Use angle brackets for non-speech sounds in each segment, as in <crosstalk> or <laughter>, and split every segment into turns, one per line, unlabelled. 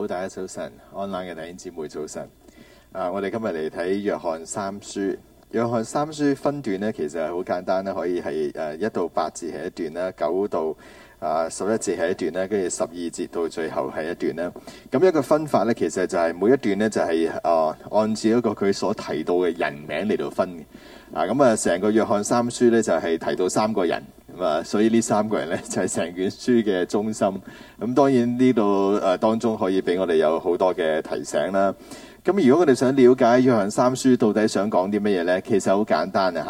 好，大家早晨，online 嘅弟兄姊妹早晨。啊，我哋今日嚟睇約翰三書。約翰三書分段，咧，其實係好簡單咧，可以係誒一到八節係一段啦，九到啊十一節係一段啦，跟住十二節到最後係一段啦。咁一個分法咧，其實就係每一段咧就係、是、誒、啊、按照一個佢所提到嘅人名嚟到分嘅。啊，咁啊，成個約翰三書咧就係、是、提到三個人。啊、所以呢三個人呢就係、是、成卷書嘅中心。咁、啊、當然呢度誒當中可以俾我哋有好多嘅提醒啦。咁、啊、如果我哋想了解約翰三書到底想講啲乜嘢呢？其實好簡單啊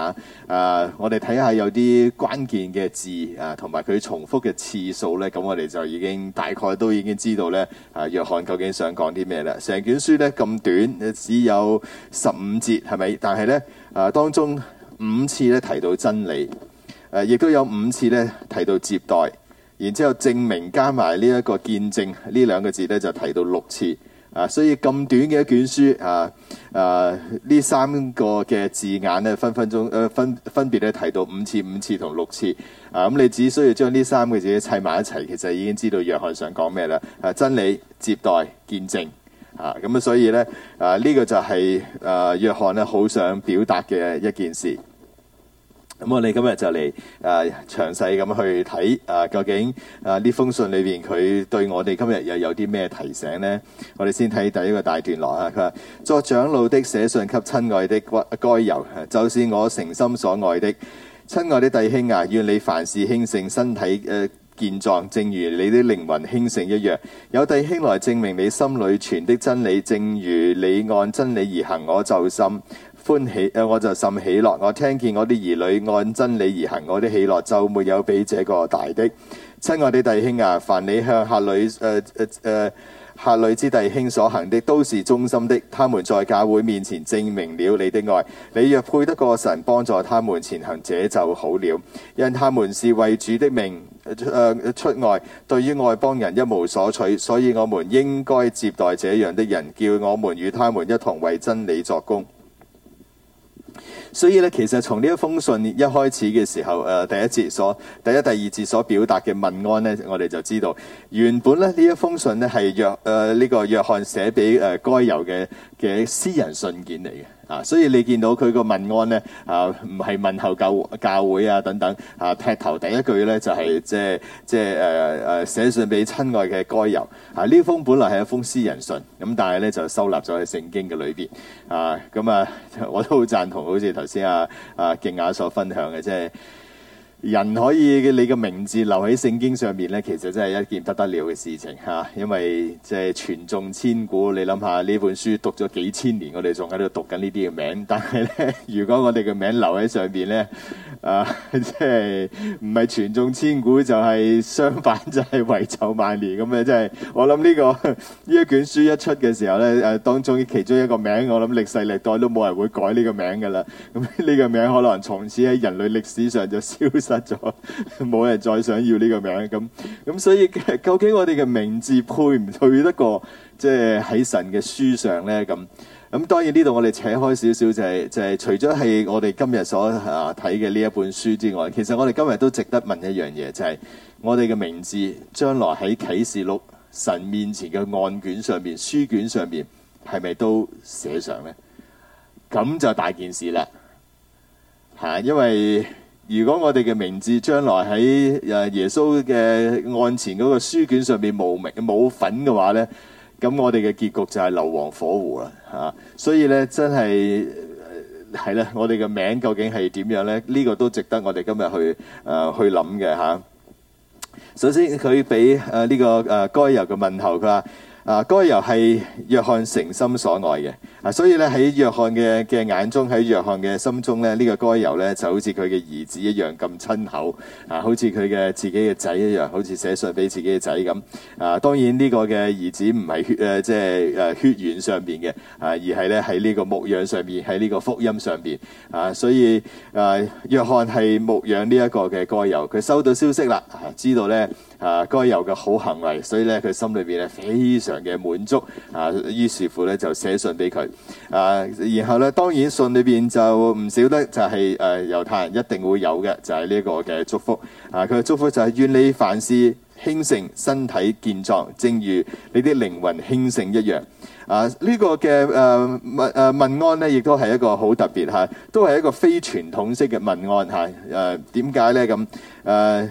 吓。誒、啊，我哋睇下有啲關鍵嘅字啊，同埋佢重複嘅次數呢。咁我哋就已經大概都已經知道呢，啊，約翰究竟想講啲咩喇。成卷書呢咁短，只有十五節，係咪？但係呢，誒、啊、當中五次呢提到真理。誒，亦、啊、都有五次咧提到接待，然之後證明加埋呢一個見證呢兩個字咧就提到六次啊！所以咁短嘅一卷書啊啊，呢、啊、三個嘅字眼咧分分鐘誒、呃、分分別咧提到五次、五次同六次啊！咁你只需要將呢三個字砌埋一齊，其實已經知道約翰想講咩啦啊！真理、接待、見證啊！咁啊，所以咧啊，呢個就係啊約翰咧好想表達嘅一件事。咁我哋今日就嚟誒詳細咁去睇啊，究竟啊呢封信裏邊佢對我哋今日又有啲咩提醒呢？我哋先睇第一個大段落啊。佢話，作長老的寫信給親愛的該猶，就是我誠心所愛的、親愛的弟兄啊。願你凡事興盛，身體誒健壯，正如你的靈魂興盛一樣。有弟兄來證明你心裏存的真理，正如你按真理而行，我就心歡喜，我就甚喜樂。我聽見我啲兒女按真理而行，我啲喜樂就沒有比這個大的。親愛的弟兄啊，凡你向客女誒誒、呃呃、客女之弟兄所行的，都是忠心的。他們在教會面前證明了你的愛。你若配得過神幫助他們前行，這就好了，因他們是為主的名、呃、出外，對於外邦人一無所取，所以我們應該接待這樣的人，叫我們與他們一同為真理作工。所以咧，其實從呢一封信一開始嘅時候，誒第一節所第一、第二節所表達嘅問安咧，我哋就知道原本咧，呢一封信咧係約誒呢個約翰寫俾誒、呃、該猶嘅嘅私人信件嚟嘅。啊，所以你見到佢個問安咧，啊唔係問候教教會啊等等，啊劈頭第一句咧就係即係即係誒誒寫信俾親愛嘅該猶，啊呢封本來係一封私人信，咁但係咧就收納咗喺聖經嘅裏邊，啊咁啊我都好贊同，好似頭先啊啊勁雅所分享嘅即係人可以嘅你嘅名字留喺聖經上面咧，其實真係一件不得了嘅事情吓、啊，因為即係傳頌千古。你諗下呢本書讀咗幾千年，我哋仲喺度讀緊呢啲嘅名。但係咧，如果我哋嘅名留喺上邊咧，啊，即係唔係傳頌千古，就係、是、相反，就係遺臭萬年咁啊！即係、就是，我諗呢、呢個呢一卷書一出嘅時候咧、啊，當中其中一個名，我諗歷世歷代都冇人會改呢個名噶啦。咁呢個名可能從此喺人類歷史上就消失。失咗，冇人再想要呢個名咁，咁所以究竟我哋嘅名字配唔配得過，即係喺神嘅書上呢？咁咁當然呢度我哋扯開少少就係、是、就係、是，除咗係我哋今日所啊睇嘅呢一本書之外，其實我哋今日都值得問一樣嘢，就係、是、我哋嘅名字將來喺啟示錄神面前嘅案卷上面、書卷上面係咪都寫上呢？咁就大件事啦，吓、啊、因為。如果我哋嘅名字將來喺誒耶穌嘅案前嗰個書卷上面無名冇份嘅話呢，咁我哋嘅結局就係硫磺火湖啦嚇。所以呢，真係係咧，我哋嘅名究竟係點樣呢？呢、這個都值得我哋今日去誒、呃、去諗嘅嚇。首先佢俾誒呢個誒該猶嘅問候，佢話誒該猶係約翰誠心所愛嘅。啊，所以咧喺約翰嘅嘅眼中，喺約翰嘅心中咧，呢個該猶咧就好似佢嘅兒子一樣咁親厚，啊，好似佢嘅自己嘅仔一樣，好似寫信俾自己嘅仔咁。啊，當然呢個嘅兒子唔係血誒，即係誒血緣上邊嘅啊，而係咧喺呢個牧養上邊，喺呢個福音上邊啊。所以啊，約翰係牧養呢一個嘅該猶，佢收到消息啦，知道咧啊該猶嘅好行為，所以咧佢心裏邊咧非常嘅滿足啊，於是乎咧就寫信俾佢。啊、然後咧，當然信裏邊就唔少得、就是，就係誒猶太人一定會有嘅，就係、是、呢個嘅祝福。啊，佢嘅祝福就係、是、願你凡事興盛，身體健壯，正如你啲靈魂興盛一樣。啊，這個的呃、文啊文呢個嘅誒案誒問安亦都係一個好特別吓、啊，都係一個非傳統式嘅問安。吓、啊。誒，點解呢？咁、啊、誒？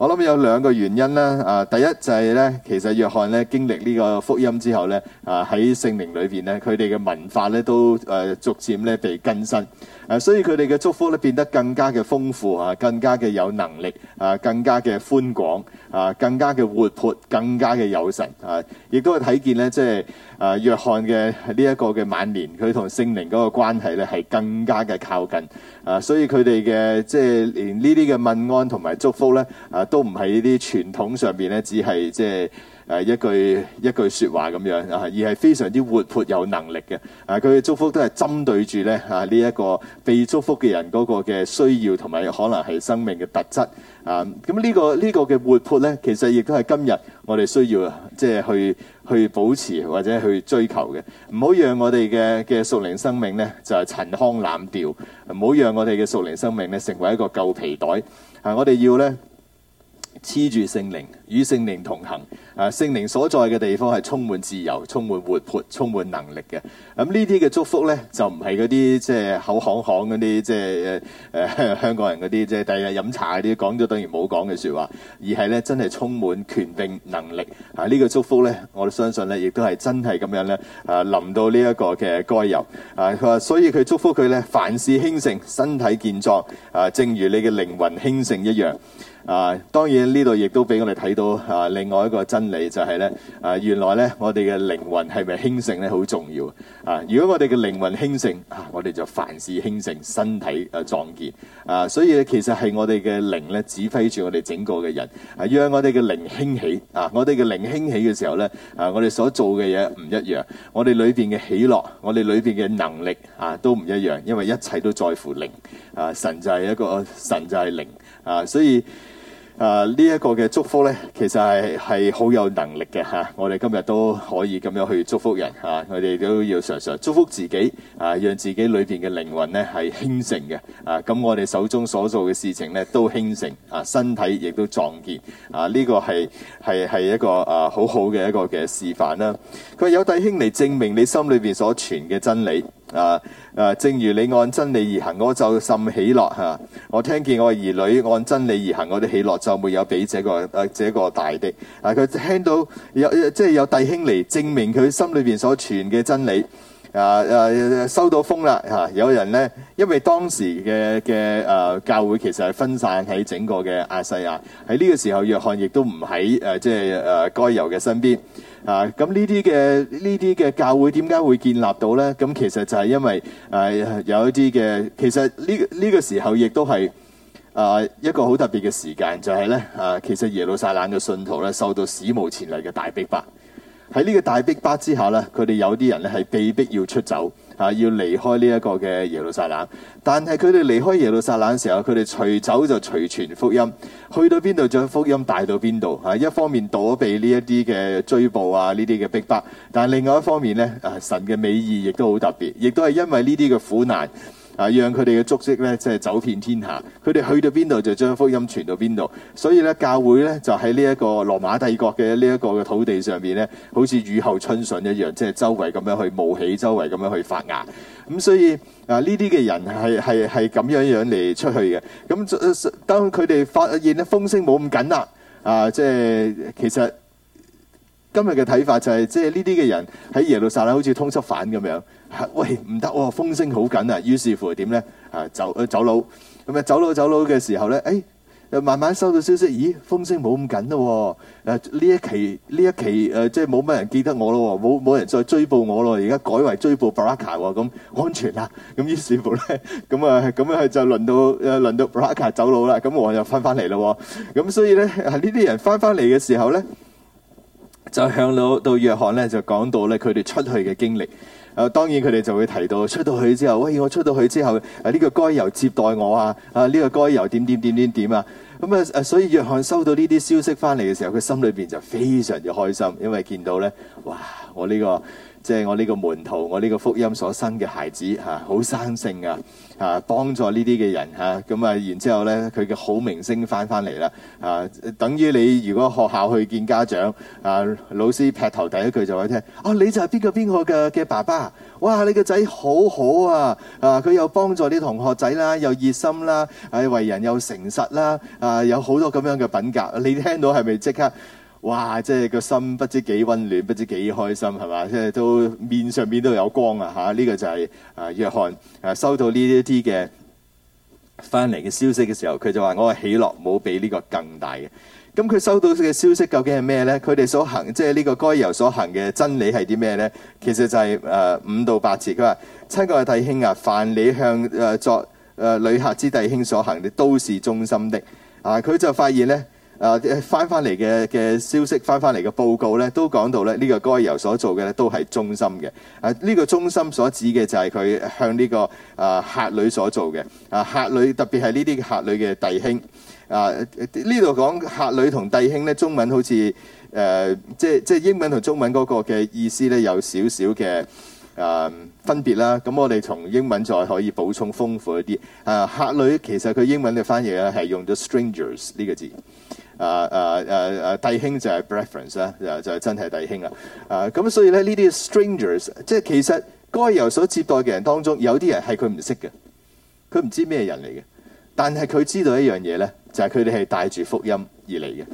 我諗有兩個原因啦。啊，第一就係咧，其實約翰咧經歷呢個福音之後咧，啊喺聖靈裏邊咧，佢哋嘅文化咧都誒、啊、逐漸咧被更新，誒、啊，所以佢哋嘅祝福咧變得更加嘅豐富啊，更加嘅有能力啊，更加嘅寬廣啊，更加嘅活潑，更加嘅有神啊，亦都係睇見咧即係，就是啊，約翰嘅呢一個嘅晚年，佢同聖靈嗰個關係咧係更加嘅靠近啊，所以佢哋嘅即係連呢啲嘅問安同埋祝福咧、啊、都唔係呢啲傳統上面，咧，只係即係。啊、一句一句說話咁樣啊，而係非常之活潑有能力嘅啊，佢嘅祝福都係針對住咧呢、啊、一個被祝福嘅人嗰個嘅需要同埋可能係生命嘅特質啊。咁、這個這個、呢個呢個嘅活潑咧，其實亦都係今日我哋需要即係、就是、去去保持或者去追求嘅。唔好讓我哋嘅嘅屬靈生命咧就係陳腔濫調，唔好讓我哋嘅屬靈生命咧成為一個舊皮袋啊！我哋要咧。黐住聖靈，與聖靈同行。啊，聖靈所在嘅地方係充滿自由、充滿活潑、充滿能力嘅。咁呢啲嘅祝福呢，就唔係嗰啲即係口行行嗰啲，即係誒、呃、香港人嗰啲，即係第日飲茶嗰啲講咗等於冇講嘅説話，而係呢真係充滿權柄能力。啊，呢、這個祝福呢，我相信呢亦都係真係咁樣呢，啊臨到呢一個嘅該猶。啊，佢話所以佢祝福佢呢，凡事興盛，身體健壯。啊，正如你嘅靈魂興盛一樣。啊，當然呢度亦都俾我哋睇到啊，另外一個真理就係咧，啊原來咧我哋嘅靈魂係咪興盛咧好重要啊！如果我哋嘅靈魂興盛啊，我哋就凡事興盛，身體啊壯健啊。所以其實係我哋嘅靈咧，指揮住我哋整個嘅人，啊讓我哋嘅靈興起啊！我哋嘅靈興起嘅時候咧啊，我哋所做嘅嘢唔一樣，我哋裏邊嘅喜樂，我哋裏邊嘅能力啊都唔一樣，因為一切都在乎靈啊。神就係一個，神就係靈啊，所以。啊！呢一個嘅祝福咧，其實係係好有能力嘅嚇。我哋今日都可以咁樣去祝福人嚇，我哋都要常常祝福自己啊，讓自己裏邊嘅靈魂咧係興盛嘅啊。咁我哋手中所做嘅事情咧都興盛啊，身體亦都壯健啊。呢個係係係一個啊好好嘅一個嘅示範啦。佢話有弟兄嚟證明你心裏邊所傳嘅真理。啊！誒，正如你按真理而行，我就甚喜樂嚇。我聽見我兒女按真理而行，我啲喜樂就沒有比這個誒這個大的。啊！佢、這個啊、聽到有即係、就是、有弟兄嚟證明佢心裏面所傳嘅真理。啊，啊收到風啦、啊、有人呢，因為當時嘅嘅、啊、教會其實係分散喺整個嘅亞細亞。喺呢個時候，約翰亦都唔喺即係誒該猶嘅身邊。啊！咁呢啲嘅呢啲嘅教會點解會建立到呢？咁其實就係因為誒、啊、有一啲嘅，其實呢呢、呢個時候亦都係啊一個好特別嘅時間，就係、係、咧啊，其實耶路撒冷嘅信徒咧受到史無前例嘅大逼迫。喺呢個大逼迫之下咧，佢哋有啲人咧係被逼要出走。啊！要離開呢一個嘅耶路撒冷，但係佢哋離開耶路撒冷嘅時候，佢哋隨走就隨傳福音，去到邊度將福音帶到邊度。啊，一方面躲避呢一啲嘅追捕啊，呢啲嘅逼迫，但另外一方面呢，啊神嘅美意亦都好特別，亦都係因為呢啲嘅苦難。啊！讓佢哋嘅足跡咧，即係走遍天下。佢哋去到邊度就將福音傳到邊度。所以咧，教會咧就喺呢一個羅馬帝國嘅呢一個嘅土地上邊咧，好似雨後春筍一樣，即係周圍咁樣去冒起，周圍咁樣去發芽。咁所以啊，呢啲嘅人係係係咁樣樣嚟出去嘅。咁當佢哋發現咧，風聲冇咁緊啦，啊，即係其實今日嘅睇法就係，即係呢啲嘅人喺耶路撒冷好似通緝犯咁樣。喂，唔得喎，風聲好緊啊！於是乎點咧？啊，走、呃、走佬，咁啊走佬走佬嘅時候咧，誒、哎、慢慢收到消息，咦，風聲冇咁緊咯、啊、喎！呢、啊、一期呢一期、呃、即係冇乜人記得我咯喎，冇冇人再追捕我咯，而家改為追捕布拉卡喎，咁安全啦。咁於是乎咧，咁啊咁啊就輪到誒輪到布拉卡走佬啦。咁我又返返嚟咯喎。咁、啊、所以咧，呢、啊、啲人返返嚟嘅時候咧，就向到到約翰咧就講到咧佢哋出去嘅經歷。誒當然佢哋就會提到出到去之後，喂！我出到去之後，呢、啊呢個該由接待我啊！啊呢、呢個該由點點點點點啊！咁啊所以約翰收到呢啲消息翻嚟嘅時候，佢心裏面就非常之開心，因為見到呢，哇！我呢、呢個。即係我呢個門徒，我呢個福音所生嘅孩子嚇，好、啊、生性啊嚇，幫、啊、助呢啲嘅人嚇、啊，咁啊然之後呢，佢嘅好名聲翻翻嚟啦啊，等於你如果學校去見家長啊，老師劈頭第一句就會聽，啊你就係邊個邊個嘅嘅爸爸、啊，哇你個仔好好啊啊，佢又幫助啲同學仔啦，又熱心啦，係、啊、為人又誠實啦，啊有好多咁樣嘅品格，你聽到係咪即刻？哇！即係個心不知幾溫暖，不知幾開心，係嘛？即係都面上面都有光啊！嚇、啊，呢、這個就係、是、啊約翰啊收到呢一啲嘅翻嚟嘅消息嘅時候，佢就話：我嘅喜樂冇比呢個更大嘅。咁佢收到嘅消息究竟係咩咧？佢哋所行即係呢個該猶所行嘅真理係啲咩咧？其實就係、是、誒、呃、五到八節，佢話：親愛嘅弟兄啊，凡你向誒、呃、作誒旅、呃、客之弟兄所行嘅，都是忠心的。啊，佢就發現咧。返翻翻嚟嘅嘅消息，翻翻嚟嘅報告咧，都講到咧呢、這個該由所做嘅咧，都係忠心嘅。啊，呢、這個忠心所指嘅就係佢向呢、這個啊客旅所做嘅。啊，客旅、啊、客旅特別係呢啲客旅嘅弟兄。啊，呢度講客旅同弟兄咧，中文好似、啊、即係即係英文同中文嗰個嘅意思咧，有少少嘅分別啦。咁我哋從英文再可以補充豐富一啲。啊，客旅其實佢英文嘅翻譯咧係用咗 strangers 呢個字。啊啊啊啊！弟兄就係 brethren 啦，就就真係弟兄啊！啊咁、啊、所以咧呢啲 strangers，即係其實該由所接待嘅人當中，有啲人係佢唔識嘅，佢唔知咩人嚟嘅。但係佢知道一樣嘢咧，就係佢哋係帶住福音而嚟嘅。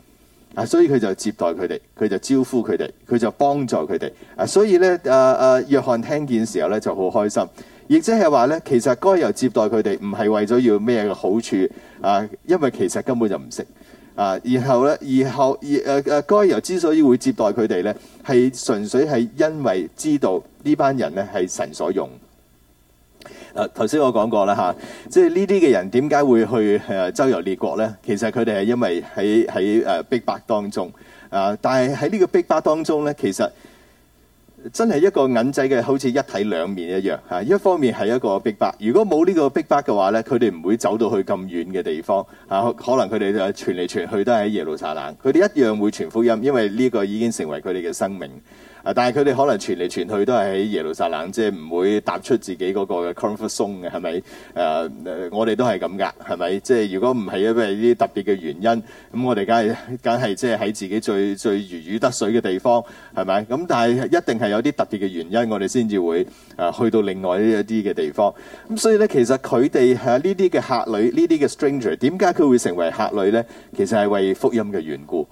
啊，所以佢就接待佢哋，佢就招呼佢哋，佢就幫助佢哋。啊，所以咧啊啊，約翰聽見時候咧就好開心，亦即係話咧，其實該由接待佢哋唔係為咗要咩嘅好處啊，因為其實根本就唔識。啊，然後咧，然後，而誒誒、啊啊，該人之所以會接待佢哋咧，係純粹係因為知道呢班人咧係神所用，啊。誒、啊，頭先我講過啦嚇、啊，即係呢啲嘅人點解會去誒周、啊、遊列國咧？其實佢哋係因為喺喺誒逼迫當中啊，但係喺呢個逼迫當中咧，其實。真係一個銀仔嘅，好似一體兩面一樣嚇。一方面係一個逼迫，如果冇呢個逼迫嘅話咧，佢哋唔會走到去咁遠嘅地方嚇。可能佢哋就傳嚟傳去都係喺耶路撒冷，佢哋一樣會傳福音，因為呢個已經成為佢哋嘅生命。但係佢哋可能傳嚟傳去都係喺耶路撒冷，即係唔會踏出自己嗰個嘅 comfort zone 嘅，係咪？誒、uh, 我哋都係咁㗎，係咪？即係如果唔係因為呢啲特別嘅原因，咁我哋梗係梗係即係喺自己最最如魚得水嘅地方，係咪？咁但係一定係有啲特別嘅原因，我哋先至會誒去到另外一啲嘅地方。咁所以咧，其實佢哋係呢啲嘅客旅，呢啲嘅 stranger，點解佢會成為客旅咧？其實係為福音嘅緣故。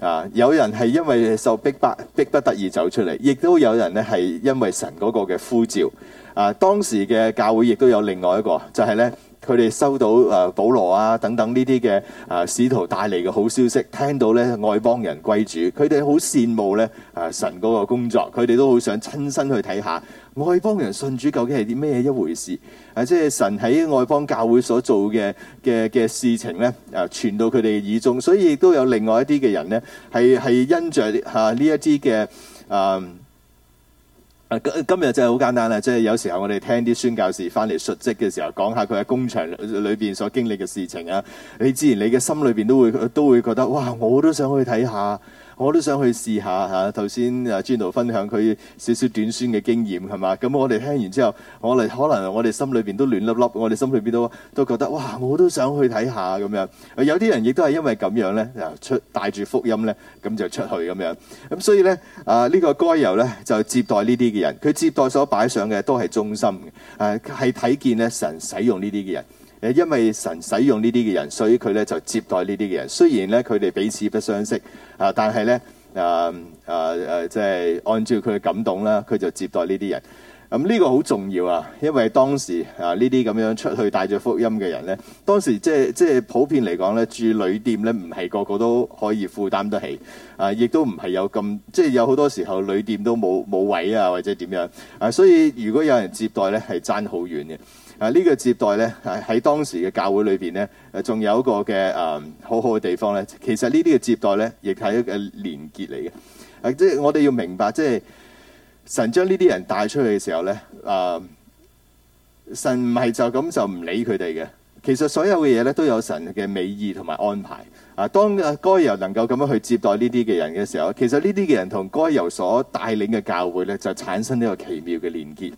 啊！有人係因為受逼迫，迫不得已走出嚟，亦都有人咧係因為神嗰個嘅呼召。啊！當時嘅教會亦都有另外一個，就係咧。佢哋收到誒保羅啊等等呢啲嘅誒使徒帶嚟嘅好消息，聽到咧外邦人歸主，佢哋好羨慕咧誒、啊、神嗰個工作，佢哋都好想親身去睇下外邦人信主究竟係啲咩一回事、啊、即係神喺外邦教會所做嘅嘅嘅事情咧，誒、啊、傳到佢哋耳中，所以亦都有另外一啲嘅人咧，係係因着呢、啊、一啲嘅誒。啊。今日真係好簡單啦，即係有時候我哋聽啲宣教士翻嚟述職嘅時候，講下佢喺工場裏面所經歷嘅事情啊！你自然你嘅心裏面都會都會覺得，哇！我都想去睇下。我都想去試下吓，頭先誒 Juno 分享佢少少短宣嘅經驗係嘛？咁我哋聽完之後，我哋可能我哋心裏面都亂粒粒，我哋心裏面都都覺得哇，我都想去睇下咁樣。有啲人亦都係因為咁樣呢，出帶住福音呢，咁就出去咁樣。咁所以呢，啊呢、這個該猶呢，就接待呢啲嘅人，佢接待所擺上嘅都係忠心嘅，係、啊、睇見呢神使用呢啲嘅人。誒，因為神使用呢啲嘅人，所以佢咧就接待呢啲嘅人。雖然咧佢哋彼此不相識啊，但係咧誒誒誒，即係按照佢嘅感動啦，佢就接待呢啲人。咁呢個好重要啊，因為當時啊，呢啲咁樣出去帶著福音嘅人咧，當時即係即係普遍嚟講咧，住旅店咧唔係個個都可以負擔得起啊，亦都唔係有咁，即係有好多時候旅店都冇冇位啊，或者點樣啊，所以如果有人接待咧，係爭好遠嘅。啊！呢、這個接待咧，喺當時嘅教會裏邊呢，仲有一個嘅誒、嗯、好好嘅地方呢。其實呢啲嘅接待呢，亦係一個連結嚟嘅、啊。即係我哋要明白，即係神將呢啲人帶出去嘅時候呢，誒、啊、神唔係就咁就唔理佢哋嘅。其實所有嘅嘢呢，都有神嘅美意同埋安排。啊，當該猶能夠咁樣去接待呢啲嘅人嘅時候，其實呢啲嘅人同該猶所帶領嘅教會呢，就產生呢個奇妙嘅連結。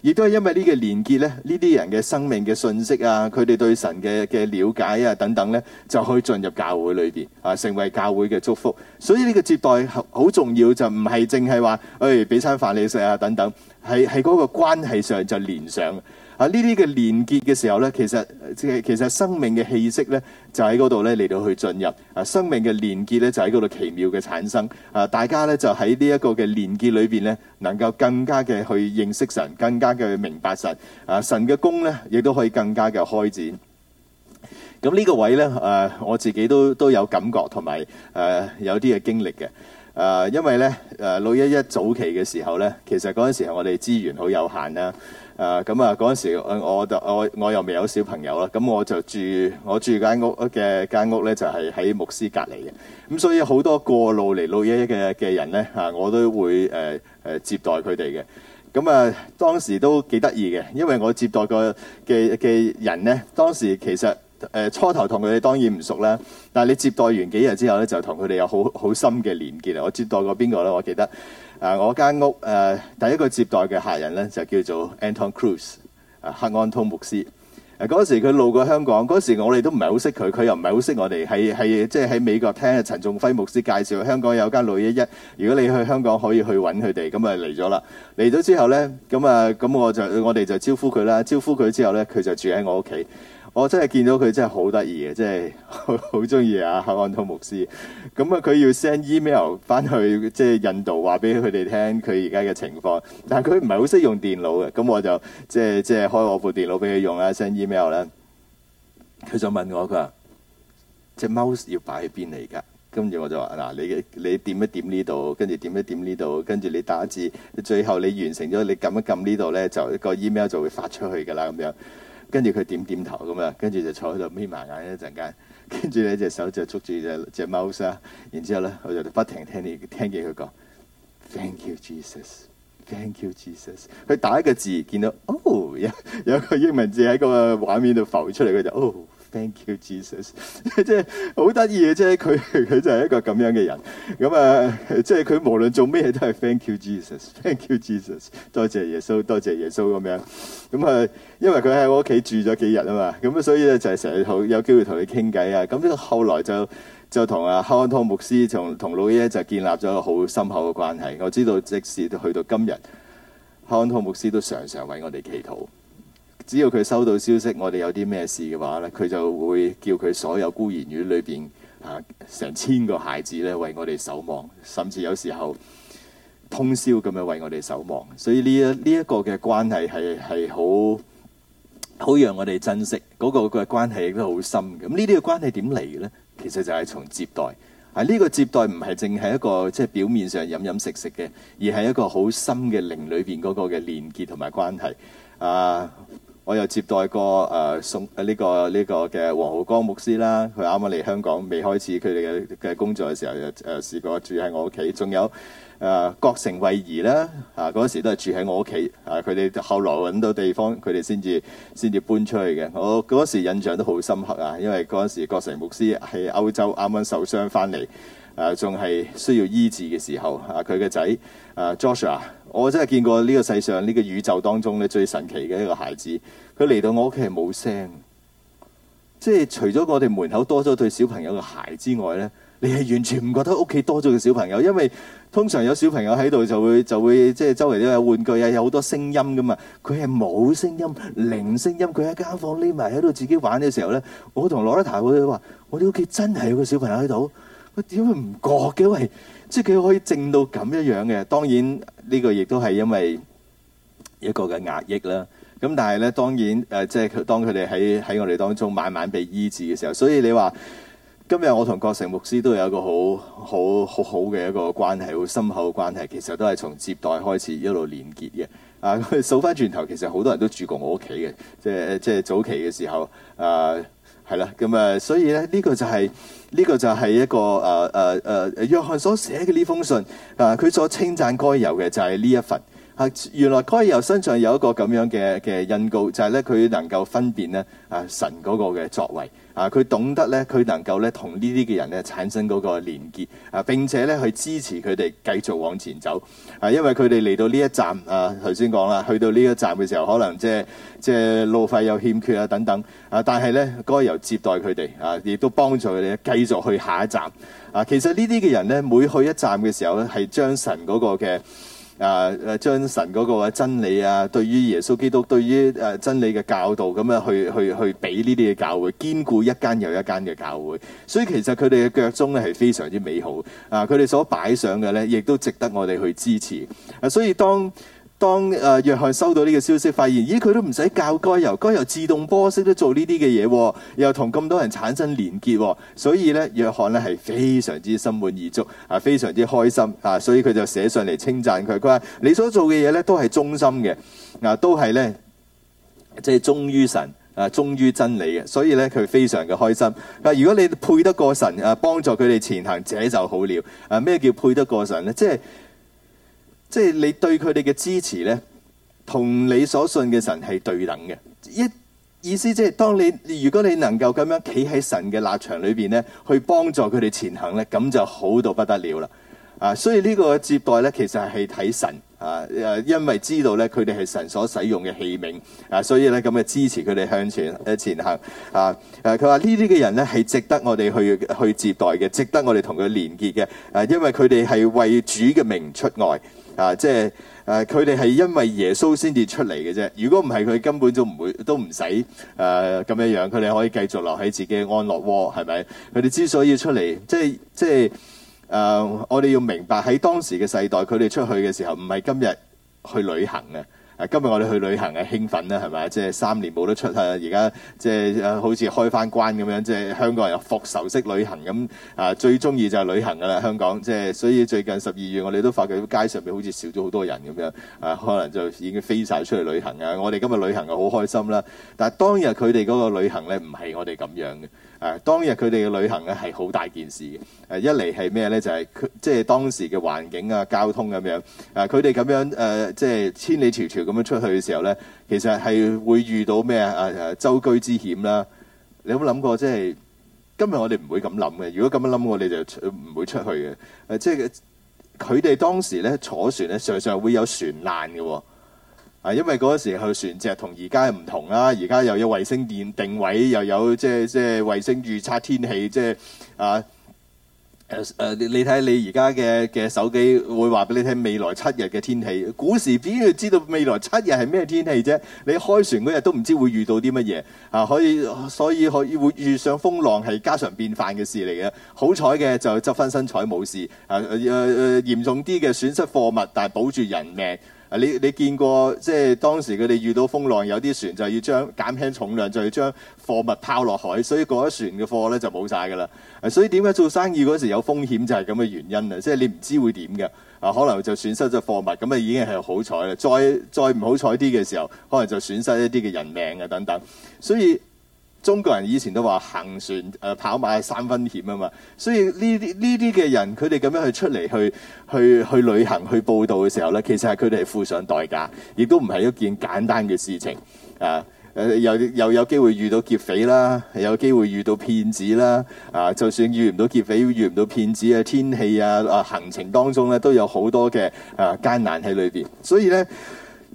亦都係因為呢個連結咧，呢啲人嘅生命嘅信息啊，佢哋對神嘅嘅瞭解啊等等咧，就可以進入教會裏邊啊，成為教會嘅祝福。所以呢個接待好重要，就唔係淨係話，誒、哎，俾餐飯你食啊等等，係係嗰個關係上就連上。啊！呢啲嘅連結嘅時候呢，其實即係其實生命嘅氣息呢，就喺嗰度呢嚟到去進入啊！生命嘅連結呢，就喺嗰度奇妙嘅產生啊！大家呢，就喺呢一個嘅連結裏面呢，能夠更加嘅去認識神，更加嘅明白神啊！神嘅功呢，亦都可以更加嘅開展。咁呢個位呢，誒、啊、我自己都都有感覺同埋誒有啲嘅經歷嘅、啊、因為呢，誒六一一早期嘅時候呢，其實嗰陣時候我哋資源好有限啦。誒咁啊！嗰陣時，我我就我我又未有小朋友啦，咁我就住我住間屋嘅間屋咧，就係喺牧師隔離嘅。咁所以好多過路嚟路一嘅嘅人咧，我都會、呃、接待佢哋嘅。咁啊，當時都幾得意嘅，因為我接待過嘅嘅人咧，當時其實誒初頭同佢哋當然唔熟啦，但係你接待完幾日之後咧，就同佢哋有好好深嘅連結啊！我接待過邊個咧？我記得。啊！我間屋誒、啊、第一個接待嘅客人咧，就叫做 Anton Cruz 啊，黑安通牧師。嗰、啊、時佢路過香港，嗰時我哋都唔係好識佢，佢又唔係好識我哋，係係即係喺美國聽陳仲輝牧師介紹香港有間611，如果你去香港可以去揾佢哋，咁啊嚟咗啦。嚟咗之後咧，咁啊咁我就我哋就招呼佢啦。招呼佢之後咧，佢就住喺我屋企。我真係見到佢真係好得意嘅，真係好好中意啊！黑安托牧師咁啊，佢要 send email 翻去即係、就是、印度話俾佢哋聽佢而家嘅情況，但係佢唔係好識用電腦嘅，咁我就即係即係開我部電腦俾佢用啦，send email 啦。佢就問我佢話：隻 mouse 要擺喺邊嚟㗎？跟住我就話：嗱，你你點一點呢度，跟住點一點呢度，跟住你打字，最後你完成咗，你撳一撳呢度咧，就個 email 就會發出去㗎啦咁樣。跟住佢點點頭咁樣，跟住就坐喺度眯埋眼一陣間，跟住咧隻手就捉住隻隻 mouse、啊、然之後咧，佢就不停聽見，聽見佢講，Thank you Jesus，Thank you Jesus，佢打一個字，見到哦，有、oh、有一個英文字喺個畫面度浮出嚟，佢就哦。Oh Thank you Jesus，即 <laughs> 係好得意嘅啫，佢佢就係一個咁樣嘅人。咁啊，即係佢無論做咩都係 Thank you Jesus，Thank you Jesus，多謝耶穌，多謝耶穌咁樣。咁啊，因為佢喺我屋企住咗幾日啊嘛，咁啊，所以咧就係成日好有機會同你傾偈啊。咁呢，後後來就就同阿康托牧師，同同老爺就建立咗好深厚嘅關係。我知道即使去到今日，康托牧師都常常為我哋祈禱。只要佢收到消息，我哋有啲咩事嘅話咧，佢就會叫佢所有孤兒院裏邊啊成千個孩子咧為我哋守望，甚至有時候通宵咁樣為我哋守望。所以呢一呢一個嘅關係係係好好讓我哋珍惜嗰、嗰個嘅、嗰個、關係都好深嘅。咁呢啲嘅關係點嚟呢？其實就係從接待係呢、啊呢個接待唔係淨係一個即係、即係、表面上飲飲食食嘅，而係一個好深嘅靈裏邊嗰個嘅連結同埋關係啊。我又接待過誒宋呢個呢、呢個嘅黃浩光牧師啦，佢啱啱嚟香港未開始佢哋嘅嘅工作嘅時候，誒、呃、試過住喺我屋企，仲有誒、呃、郭成惠儀啦，啊嗰時都係住喺我屋企，啊佢哋後來揾到地方，佢哋先至先至搬出去嘅，我嗰時印象都好深刻啊，因為嗰時郭成牧師喺歐洲啱啱受傷翻嚟，誒仲係需要醫治嘅時候，啊佢嘅仔誒 Joshua。我真係見過呢個世上呢個宇宙當中咧最神奇嘅一個孩子，佢嚟到我屋企係冇聲，即係除咗我哋門口多咗對小朋友嘅鞋之外咧，你係完全唔覺得屋企多咗個小朋友，因為通常有小朋友喺度就會就會即係周圍都有玩具呀，有好多聲音㗎嘛。佢係冇聲音，零聲音。佢喺間房匿埋喺度自己玩嘅時候咧，我同羅德台佢哋話：我哋屋企真係有個小朋友喺度，我點會唔覺嘅？喂！即係佢可以靜到咁一樣嘅，當然呢個亦都係因為一個嘅壓抑啦。咁但係咧，當然誒，即、呃、係、就是、當佢哋喺喺我哋當中慢慢被醫治嘅時候，所以你話今日我同郭成牧師都有一個好好好好好好好嘅一個關係，好深厚嘅關係，其實都係從接待開始一路連結嘅。啊，數返轉頭，其實好多人都住過我屋企嘅，即係即係早期嘅時候啊。係啦，咁誒、嗯，所以咧，呢個就係、是、呢、這個就係一個誒誒誒，約翰所寫嘅呢封信，啊，佢所稱讚該猶嘅就係呢一份，啊，原來該猶身上有一個咁樣嘅嘅印告，就係咧佢能夠分辨咧啊，啊神嗰個嘅作為。啊！佢懂得咧，佢能夠咧同呢啲嘅人咧產生嗰個連結啊，並且咧去支持佢哋繼續往前走啊！因為佢哋嚟到呢一站啊，頭先講啦，去到呢一站嘅時候，可能即係即係路費又欠缺啊等等啊，但係咧，該由接待佢哋啊，亦都幫助佢哋繼續去下一站啊。其實呢啲嘅人咧，每去一站嘅時候咧，係將神嗰個嘅。啊！誒將神嗰個真理啊，對於耶穌基督，對於誒、啊、真理嘅教導，咁啊去去去俾呢啲嘅教會，堅固一間又一間嘅教會。所以其實佢哋嘅腳蹤咧係非常之美好。啊，佢哋所擺上嘅咧，亦都值得我哋去支持。啊，所以當當誒約翰收到呢個消息，發現咦佢都唔使教該由該由自動波式都做呢啲嘅嘢，又同咁多人產生連結，所以咧約翰咧係非常之心滿意足啊，非常之開心啊，所以佢就寫上嚟稱讚佢。佢話你所做嘅嘢咧都係忠心嘅，啊都係咧即係忠於神啊忠於真理嘅，所以咧佢非常嘅開心。啊，如果你配得過神啊幫助佢哋前行，者就好了。啊，咩叫配得過神咧？即係。即係你對佢哋嘅支持咧，同你所信嘅神係對等嘅。一意思即係，當你如果你能夠咁樣企喺神嘅立場裏面咧，去幫助佢哋前行咧，咁就好到不得了啦。啊，所以呢個接待咧，其實係睇神。啊！誒，因為知道咧，佢哋係神所使用嘅器皿啊，所以咧咁嘅支持佢哋向前誒前行啊！佢、啊、話呢啲嘅人咧係值得我哋去去接待嘅，值得我哋同佢連結嘅啊！因為佢哋係為主嘅名出外啊，即係誒，佢哋係因為耶穌先至出嚟嘅啫。如果唔係，佢根本就唔會都唔使誒咁樣樣，佢哋可以繼續留喺自己嘅安樂窩，係咪？佢哋之所以出嚟，即係即係。誒，我哋要明白喺當時嘅世代，佢哋出去嘅時候，唔係今日去旅行嘅。誒，今日我哋去旅行嘅興奮啦，係咪？即係三年冇得出去啊，而家即係誒，好似開翻關咁樣，即係香港人又復仇式旅行咁啊！最中意就係旅行噶啦，香港即係，所以最近十二月我哋都發覺啲街上面好似少咗好多人咁樣啊，可能就已經飛曬出去旅行啊！我哋今日旅行就好開心啦，但係當日佢哋嗰個旅行咧，唔係我哋咁樣嘅。誒、啊、當日佢哋嘅旅行咧，係好大件事嘅、啊，一嚟係咩咧？就係、佢、即係當時嘅環境啊、交通咁、啊啊、樣。佢哋咁樣即係千里迢迢咁樣出去嘅時候咧，其實係會遇到咩啊？誒舟居之險啦、啊。你有冇諗過？即係今日我哋唔會咁諗嘅。如果咁樣諗，我哋就唔會出去嘅、啊。即係佢哋當時咧坐船咧，常常會有船難嘅、啊。因為嗰個時候船隻同而家唔同啦，而家又有衛星電定位，又有即係即係衛星預測天氣，即係啊誒、呃、你睇下你而家嘅嘅手機會話俾你聽未來七日嘅天氣。古時邊會知道未來七日係咩天氣啫？你開船嗰日都唔知會遇到啲乜嘢啊？所以所以可以會遇上風浪係家常便飯嘅事嚟嘅。好彩嘅就執翻身彩，冇事啊誒、啊啊、嚴重啲嘅損失貨物，但係保住人命。你你見過即係當時佢哋遇到風浪，有啲船就要將減輕重量，就要將貨物拋落海，所以嗰一船嘅貨咧就冇晒噶啦。所以點解做生意嗰時有風險就係咁嘅原因啦，即係你唔知會點嘅啊，可能就損失咗貨物，咁啊已經係好彩啦。再再唔好彩啲嘅時候，可能就損失一啲嘅人命啊等等，所以。中國人以前都話行船誒、啊、跑馬三分險啊嘛，所以呢啲呢啲嘅人，佢哋咁樣出來去出嚟去去去旅行去佈道嘅時候呢，其實係佢哋係付上代價，亦都唔係一件簡單嘅事情啊！誒、啊、又又有機會遇到劫匪啦，有機會遇到騙子啦啊！就算遇唔到劫匪，遇唔到騙子啊，天氣啊、啊行程當中呢，都有好多嘅啊艱難喺裏邊，所以呢。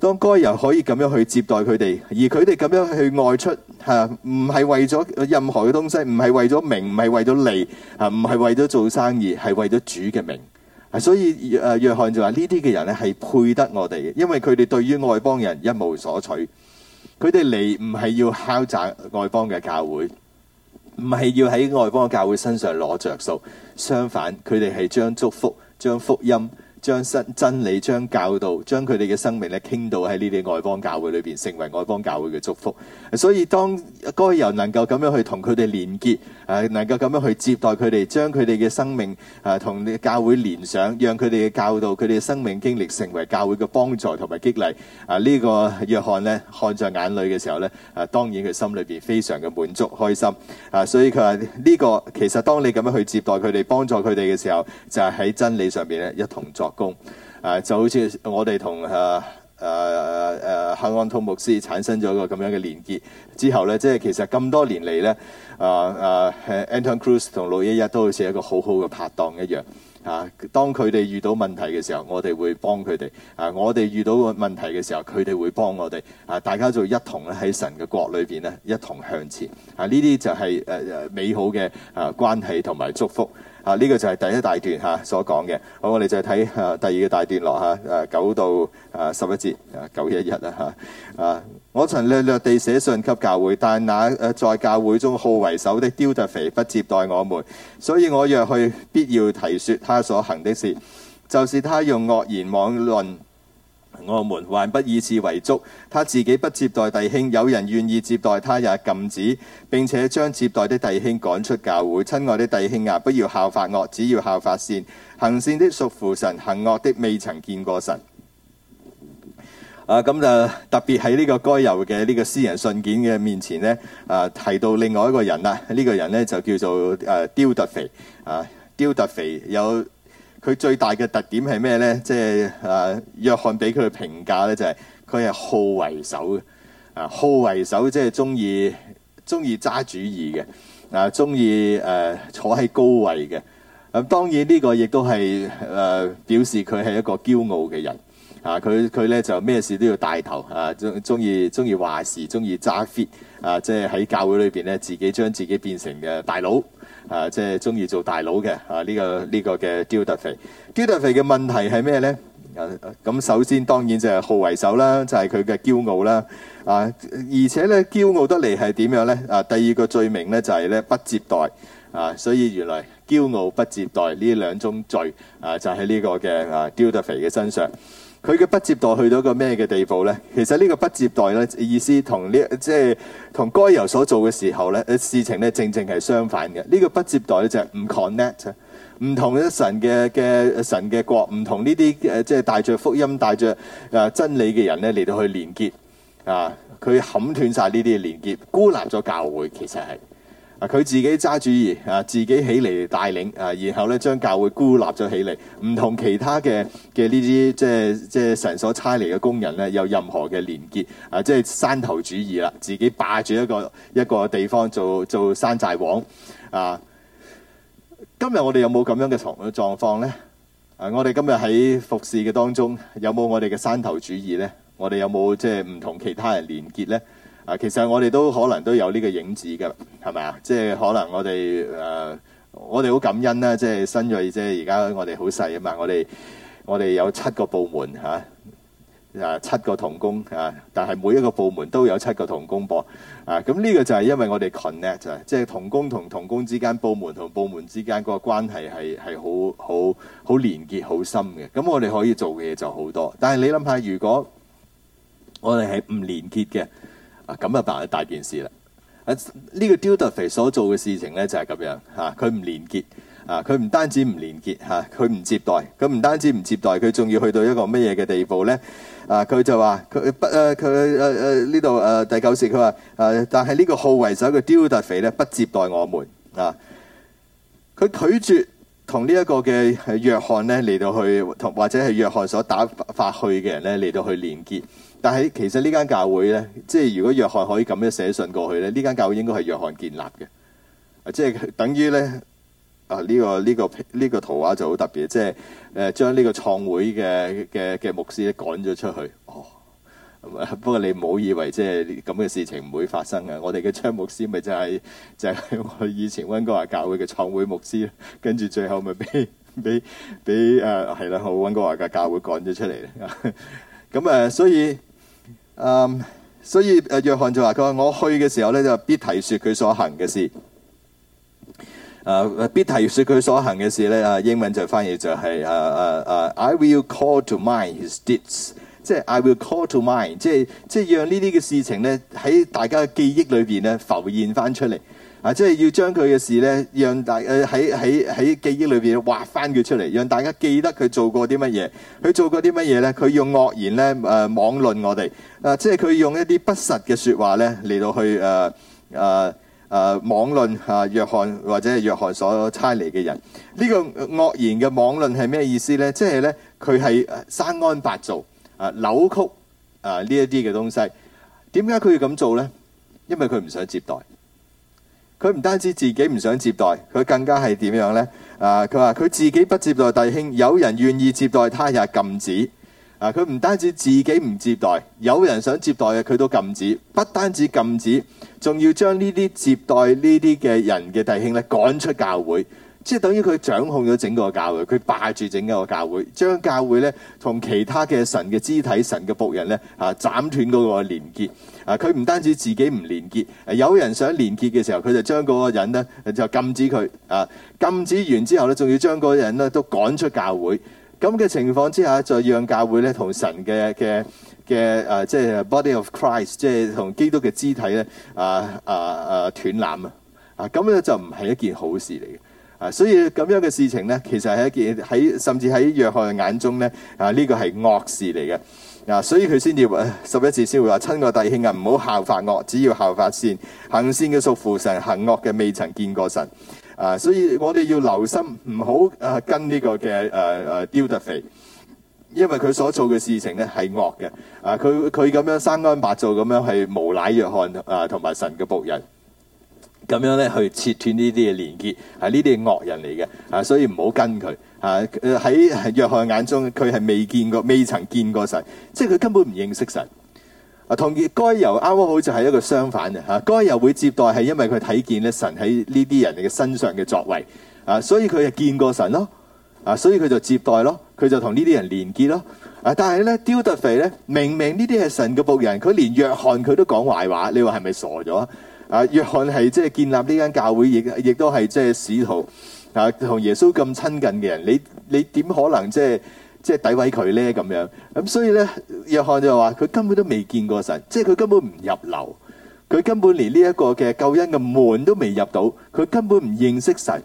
當該人可以咁樣去接待佢哋，而佢哋咁樣去外出，吓唔係為咗任何嘅東西，唔係為咗名，唔係為咗利，啊，唔係為咗做生意，係為咗主嘅名。所以，誒，約翰就話呢啲嘅人咧係配得我哋嘅，因為佢哋對於外邦人一無所取，佢哋嚟唔係要敲詐外邦嘅教會，唔係要喺外邦嘅教會身上攞着數，相反，佢哋係將祝福、將福音。將真理、將教導、將佢哋嘅生命咧傾倒喺呢啲外邦教會裏邊，成為外邦教會嘅祝福。所以當該人能夠咁樣去同佢哋連結，誒、啊、能夠咁樣去接待佢哋，將佢哋嘅生命誒、啊、同教會連想，讓佢哋嘅教導、佢哋嘅生命經歷成為教會嘅幫助同埋激勵。啊，呢、這個約翰呢，看在眼裏嘅時候呢，誒、啊、當然佢心裏邊非常嘅滿足開心。啊，所以佢話呢個其實當你咁樣去接待佢哋、幫助佢哋嘅時候，就係、是、喺真理上邊咧一同作工，誒、啊，就好似我哋同誒。啊誒誒亨安通牧師產生咗一個咁樣嘅連結之後咧，即係其實咁多年嚟咧，啊啊 Anton Cruz 同路一一都好似一個好好嘅拍檔一樣嚇、啊。當佢哋遇到問題嘅時候，我哋會幫佢哋；啊，我哋遇到個問題嘅時候，佢哋會幫我哋。啊，大家就一同咧喺神嘅國裏邊咧，一同向前。啊，呢啲就係誒誒美好嘅啊關係同埋祝福。啊，呢、這個就係第一大段、啊、所講嘅。好，我哋就睇啊第二個大段落嚇，九、啊、到誒十一節，誒九一一啊嚇。11，啊，我曾略略地寫信給教會，但那在教會中好為首的丟特腓不接待我們，所以我若去，必要提説他所行的事，就是他用惡言妄論。我們還不以此為足，他自己不接待弟兄，有人願意接待，他也禁止，並且將接待的弟兄趕出教會。親愛的弟兄啊，不要效法惡，只要效法善。行善的屬乎神，行惡的未曾見過神。啊，咁就特別喺呢個該有嘅呢、呢個私人信件嘅面前呢，啊提到另外一個人啦，呢、呢個人呢，就叫做刁丟、啊、特腓，啊丟特腓有。佢最大嘅特點係咩呢？即係誒約翰俾佢嘅評價呢就係佢係好為首嘅，啊好為首即係中意中意揸主意嘅，啊中意誒坐喺高位嘅。咁、啊、當然呢個亦都係誒表示佢係一個驕傲嘅人，啊佢佢咧就咩事都要帶頭，啊中意中意話事，中意揸 fit，啊即係喺教會裏邊咧，自己將自己變成嘅大佬。啊，即係中意做大佬嘅啊，呢個呢個嘅丟特腓。丟特腓嘅問題係咩咧？啊，咁首先當然就係好為首啦，就係佢嘅驕傲啦。啊，而且咧驕傲得嚟係點樣咧？啊，第二個罪名咧就係咧不接待。啊，所以原來驕傲不接待呢兩宗罪啊，就喺呢個嘅啊丟特腓嘅身上。佢嘅不接待去到一個咩嘅地步咧？其實呢個不接待咧，意思同呢即係同該由所做嘅時候咧，誒事情咧正正係相反嘅。呢、這個不接待咧就係、是、唔 connect 唔同一神嘅嘅神嘅國，唔同呢啲誒即係帶著福音、帶著誒、啊、真理嘅人咧嚟到去連結啊，佢冚斷晒呢啲嘅連結，孤立咗教會，其實係。佢，啊，自己揸主意，啊，自己起嚟帶領，啊，然後咧將教會孤立咗起嚟，唔同其他嘅嘅呢啲即係即係神所差嚟嘅工人咧有任何嘅連結，啊，即係山頭主義啦，自己霸住一個一個地方做做山寨王，啊，今日我哋有冇咁樣嘅狀狀況咧？啊，我哋今日喺服侍嘅當中有冇我哋嘅山頭主義咧？我哋有冇即係唔同其他人連結咧？啊，其實我哋都可能都有呢個影子㗎，係咪啊？即係可能我哋誒、呃，我哋好感恩啦，即係新銳，即係而家我哋好細啊嘛，我哋我哋有七個部門嚇，啊七個同工啊，但係每一個部門都有七個同工噃。啊，咁呢個就係因為我哋 connect 啊，即係同工同同工之間、部門同部門之間嗰個關係係係好好好連結好深嘅，咁我哋可以做嘅嘢就好多。但係你諗下，如果我哋係唔連結嘅？啊，咁就辦一大件事啦！啊，呢、這個丟特腓所做嘅事情咧就係、是、咁樣佢唔、啊、連結啊，佢唔單止唔連結佢唔、啊、接待，佢唔單止唔接待，佢仲要去到一個乜嘢嘅地步咧？啊，佢就話佢不佢呢度第九節佢話但係呢個好為首嘅丟特腓咧不接待我們啊，佢拒絕同呢一個嘅約翰咧嚟到去同或者係約翰所打發去嘅人咧嚟到去連結。但係其實呢間教會咧，即係如果約翰可以咁樣寫信過去咧，呢間教會應該係約翰建立嘅，即係等於咧啊呢、呢個呢、呢個呢、呢個圖畫就好特別，即係誒將呢個創會嘅嘅嘅牧師咧趕咗出去。哦，不過你唔好以為即係咁嘅事情唔會發生啊！我哋嘅張牧師咪就係、係、就係、係、我以前温哥華教會嘅創會牧師，跟住最後咪俾俾俾誒係啦，我温哥華嘅教會趕咗出嚟。咁、啊、誒所以。嗯，um, 所以誒約翰就話：佢話我去嘅時候咧，就必提說佢所行嘅事。誒、uh，必提說佢所行嘅事咧。啊，英文就翻譯就係誒誒誒，I will call to mind his deeds。即係 I will call to mind，即係即係讓呢啲嘅事情咧喺大家嘅記憶裏邊咧浮現翻出嚟，啊，即係要將佢嘅事咧讓大誒喺喺喺記憶裏邊畫翻佢出嚟，讓大家記得佢做過啲乜嘢。佢做過啲乜嘢咧？佢用惡言咧誒妄論我哋，啊，即係佢用一啲不實嘅說話咧嚟到去誒誒誒妄論嚇約翰或者係約翰所差嚟嘅人。呢個惡言嘅妄論係咩意思咧？即係咧佢係生安白造。啊，扭曲啊呢一啲嘅東西，點解佢要咁做呢？因為佢唔想接待，佢唔單止自己唔想接待，佢更加係點樣呢？啊，佢話佢自己不接待弟兄，有人願意接待，他也禁止。啊，佢唔單止自己唔接待，有人想接待嘅佢都禁止，不單止禁止，仲要將呢啲接待呢啲嘅人嘅弟兄呢趕出教會。即係等於佢掌控咗整個教會，佢霸住整個教會，將教會咧同其他嘅神嘅肢體、神嘅僕人咧嚇、啊、斬斷嗰個連結。啊，佢唔單止自己唔連結、啊，有人想連結嘅時候，佢就將嗰個人咧就禁止佢。啊，禁止完之後咧，仲要將嗰個人咧都趕出教會。咁嘅情況之下，就讓教會咧同神嘅嘅嘅誒，即係、啊就是、body of Christ，即係同基督嘅肢體咧啊啊啊斷纜啊。啊，咁、啊、咧、啊、就唔係一件好事嚟嘅。啊，所以咁樣嘅事情呢，其實係一件喺甚至喺約翰嘅眼中呢，啊呢個係惡事嚟嘅，啊所以佢先至十一節先會話親個弟兄啊，唔好效法惡，只要效法善，行善嘅屬乎神，行惡嘅未曾見過神。啊，所以我哋要留心，唔好啊跟呢個嘅誒誒丟特腓，因為佢所做嘅事情呢係惡嘅。啊，佢佢咁樣生安白做咁樣係無賴約翰啊，同埋神嘅僕人。咁樣咧，去切斷呢啲嘅連結，呢啲係惡人嚟嘅，啊，所以唔好跟佢。啊，喺約翰眼中，佢係未見過、未曾見過神，即係佢根本唔認識神。啊，同該猶啱啱好就係一個相反嘅嚇，該猶會接待係因為佢睇見咧神喺呢啲人嘅身上嘅作為，啊，所以佢係見過神咯，啊，所以佢就接待咯，佢就同呢啲人連結咯。啊，但係咧，丟特腓咧，明明呢啲係神嘅僕人，佢連約翰佢都講壞話，你話係咪傻咗？啊，約翰係即係建立呢間教會，亦亦都係即係使徒，啊，同耶穌咁親近嘅人，你你點可能即係即係詆毀佢咧咁樣？咁所以咧，約翰就話佢根本都未見過神，即係佢根本唔入流，佢根本連呢一個嘅救恩嘅門都未入到，佢根本唔認識神，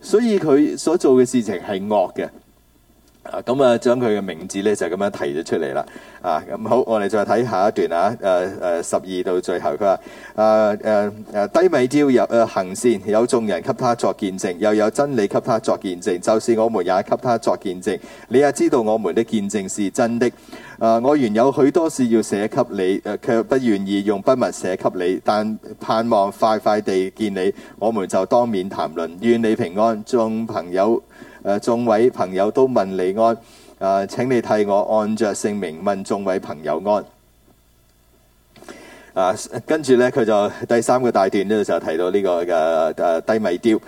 所以佢所做嘅事情係惡嘅。咁啊，將佢嘅名字呢，就咁樣提咗出嚟啦。啊，咁好，我哋再睇下一段啊。誒、啊、誒，十二到最後，佢話、啊啊：低米丟有、呃、行善有眾人給他作見證，又有真理給他作見證，就算我們也給他作見證。你也知道我們的見證是真的。啊、我原有許多事要寫給你，誒、呃，卻不願意用筆墨寫給你，但盼望快快地見你，我們就當面談論。願你平安，眾朋友。誒、啊、眾位朋友都問你安，誒、啊、請你替我按着姓名問眾位朋友安。誒、啊、跟住咧，佢就第三個大段咧就提到呢、這個嘅、啊啊、低米雕，誒、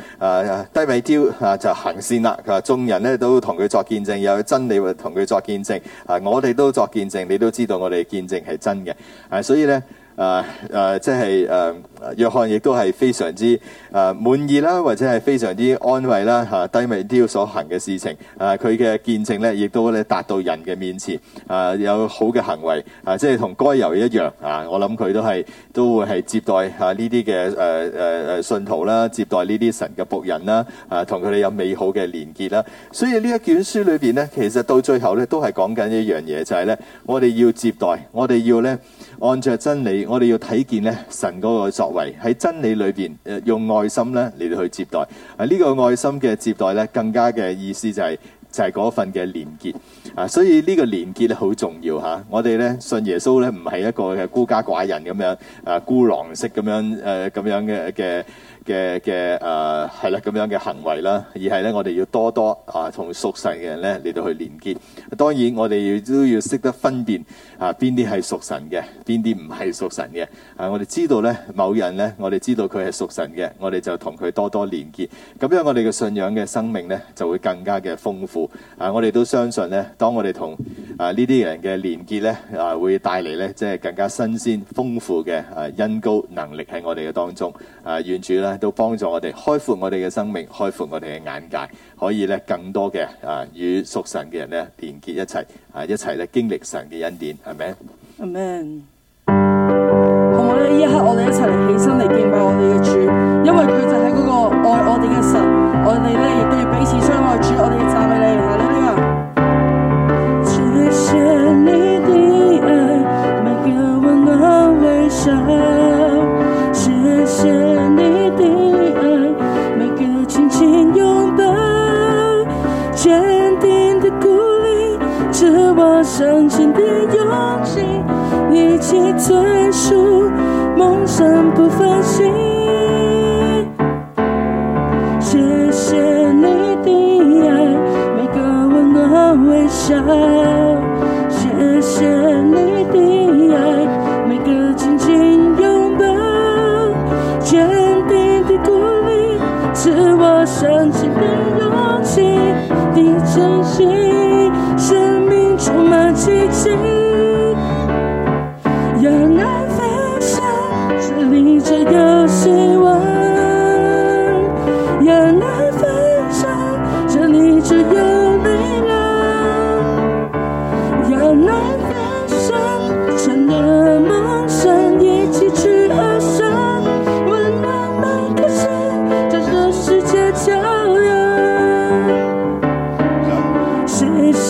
啊、低米雕啊就行先啦。佢話眾人咧都同佢作見證，又有真理同佢作見證。誒、啊、我哋都作見證，你都知道我哋見證係真嘅、啊。所以咧。啊！誒、啊，即係誒，約翰亦都係非常之誒、啊、滿意啦，或者係非常之安慰啦嚇、啊。低米丟所行嘅事情，誒佢嘅見證呢亦都咧達到人嘅面前。誒、啊、有好嘅行為，誒、啊、即係同該猶一樣啊！我諗佢都係都會係接待嚇呢啲嘅誒信徒啦，接待呢啲神嘅僕人啦，同佢哋有美好嘅連結啦。所以呢一卷書裏面呢，其實到最後呢都係講緊一樣嘢，就係、是、呢：「我哋要接待，我哋要呢。」按著真理，我哋要睇見咧神嗰個作為喺真理裏邊，誒用愛心咧嚟到去接待啊！呢個愛心嘅接待咧，更加嘅意思就係就係嗰份嘅連結啊！所以呢個連結咧好重要嚇，我哋咧信耶穌咧唔係一個嘅孤家寡人咁樣，啊孤狼式咁樣，誒咁樣嘅嘅嘅嘅，誒係啦咁樣嘅行為啦，而係咧我哋要多多啊同屬世嘅人咧嚟到去連結。當然我哋亦要都要識得分辨。啊，邊啲係屬神嘅，邊啲唔係屬神嘅？啊，我哋知道呢某人呢，我哋知道佢係屬神嘅，我哋就同佢多多連結。咁樣我哋嘅信仰嘅生命呢，就會更加嘅豐富。啊，我哋都相信呢，當我哋同啊呢啲人嘅連結呢，啊會帶嚟呢，即係更加新鮮、豐富嘅啊恩膏能力喺我哋嘅當中。啊，願主呢，都幫助我哋開闊我哋嘅生命，開闊我哋嘅眼界，可以呢，更多嘅啊與屬神嘅人呢，連結一齊，啊一齊呢，經歷神嘅恩典。Amen，同我
呢一刻我哋一齊嚟起身嚟敬拜我哋嘅主，因為佢就係個愛我哋嘅神，我哋呢亦都要彼此相愛的，主我哋嘅神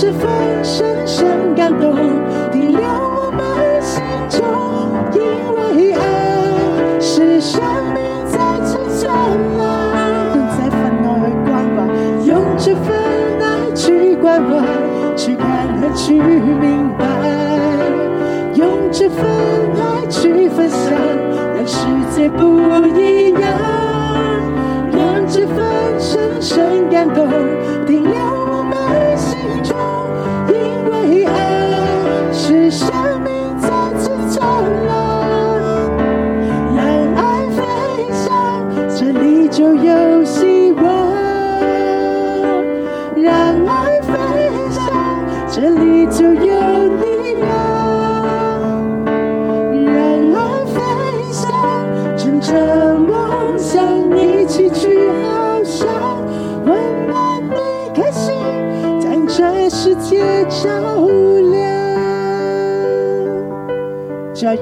這份深深感動，停留我們心中，因為愛，是生命再次燦爛。 <noise> 不再煩惱乖乖，去關用這份愛去關懷，去看和去明白，用這份愛去分享，讓世界不一樣。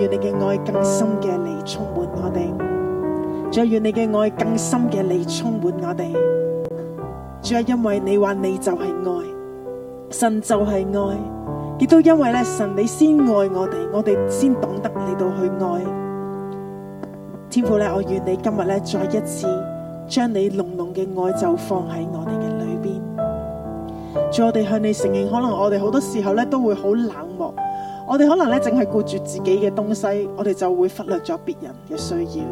願你嘅愛更深嘅嚟充滿我哋，再願你嘅愛更深嘅嚟充滿我哋。主要因為你話你就係愛，神就係愛，亦都因為咧神你先愛我哋，我哋先懂得嚟到去愛。天父咧，我願你今日咧再一次將你濃濃嘅愛就放喺我哋嘅裏邊，叫我哋向你承認，可能我哋好多時候咧都會好冷漠。我哋可能咧淨係顧住自己嘅東西，我哋就會忽略咗別人嘅需要。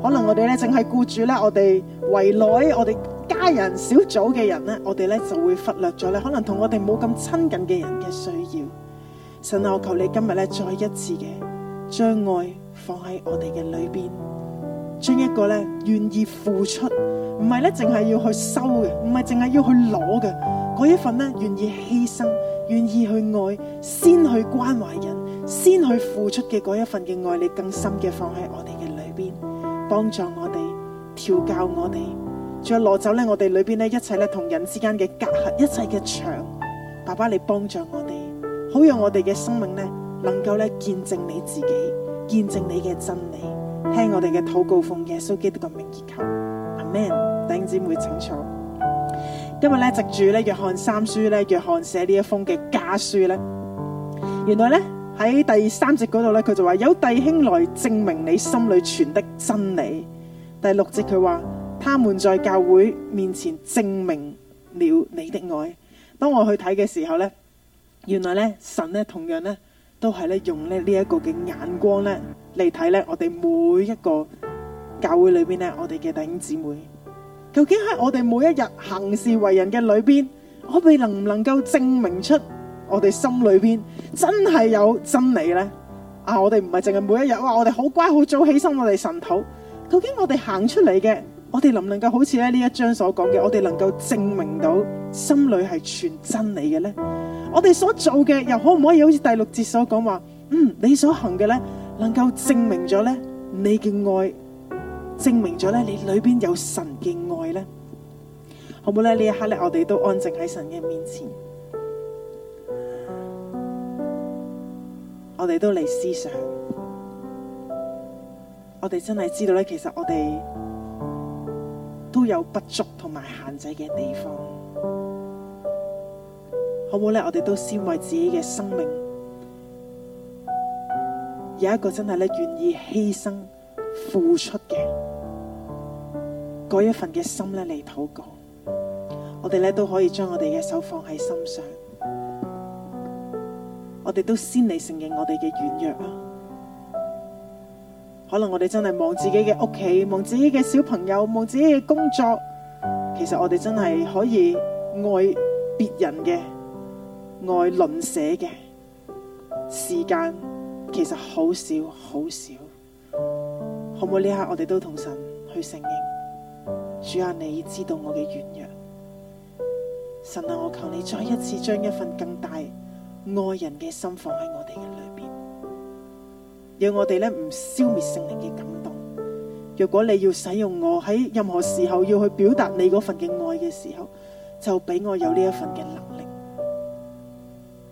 可能我哋咧淨係顧住咧我哋圍內我哋家人小組嘅人咧，我哋咧就會忽略咗咧可能同我哋冇咁親近嘅人嘅需要。神啊，我求你今日咧再一次嘅將愛放喺我哋嘅裏邊，將一個咧願意付出，唔係咧淨係要去收嘅，唔係淨係要去攞嘅，嗰一份咧願意犧牲。願意去愛，先去關懷人，先去付出嘅嗰一份嘅愛，你更深嘅放喺我哋嘅裏邊，幫助我哋調教我哋，再攞走咧我哋裏邊呢一切咧同人之間嘅隔閡，一切嘅牆，爸爸你幫助我哋，好讓我哋嘅生命咧能夠咧見證你自己，見證你嘅真理，聽我哋嘅禱告，奉耶穌基督嘅名而求，Amen，弟兄姊妹請坐。今日咧藉住咧約翰三書咧，約翰寫呢一封嘅家書咧。原來咧喺第三節嗰度咧，佢就話有弟兄來證明你心裏存的真理。第六節佢話，他們在教會面前證明了你的愛。當我去睇嘅時候咧，原來咧神咧同樣咧都係咧用咧呢一個嘅眼光咧嚟睇咧我哋每一個教會裏邊咧我哋嘅弟兄姊妹。究竟喺我哋每一日行事為人嘅裏邊，我哋能唔能夠證明出我哋心裏邊真係有真理咧？啊，我哋唔係淨係每一日哇，我哋好乖，好早起身我哋晨禱。究竟我哋行出嚟嘅，我哋能唔能夠好似咧呢一章所講嘅，我哋能夠證明到心裏係全真理嘅咧？我哋所做嘅又可唔可以好似第六節所講話？嗯，你所行嘅咧，能夠證明咗咧你嘅愛，證明咗咧你裏邊有神嘅。呢，好唔好咧？呢一刻咧，我哋都安靜喺神嘅面前，我哋都嚟思想，我哋真係知道咧，其實我哋都有不足同埋限制嘅地方，好唔好咧？我哋都先為自己嘅生命有一個真係咧願意犧牲付出嘅，嗰一份嘅心咧嚟禱告，我哋咧都可以將我哋嘅手放喺心上，我哋都先嚟承認我哋嘅軟弱啊！可能我哋真係望自己嘅屋企，望自己嘅小朋友，望自己嘅工作，其實我哋真係可以愛別人嘅，愛鄰舍嘅時間，其實好少好少。可唔可以呢刻？我哋都同神去承認。主啊，你知道我嘅軟弱，神啊，我求你再一次將一份更大愛人嘅心放喺我哋嘅裏邊，讓我哋呢唔消滅聖靈嘅感動。若果你要使用我喺任何時候要去表達你嗰份嘅愛嘅時候，就俾我有呢一份嘅能力，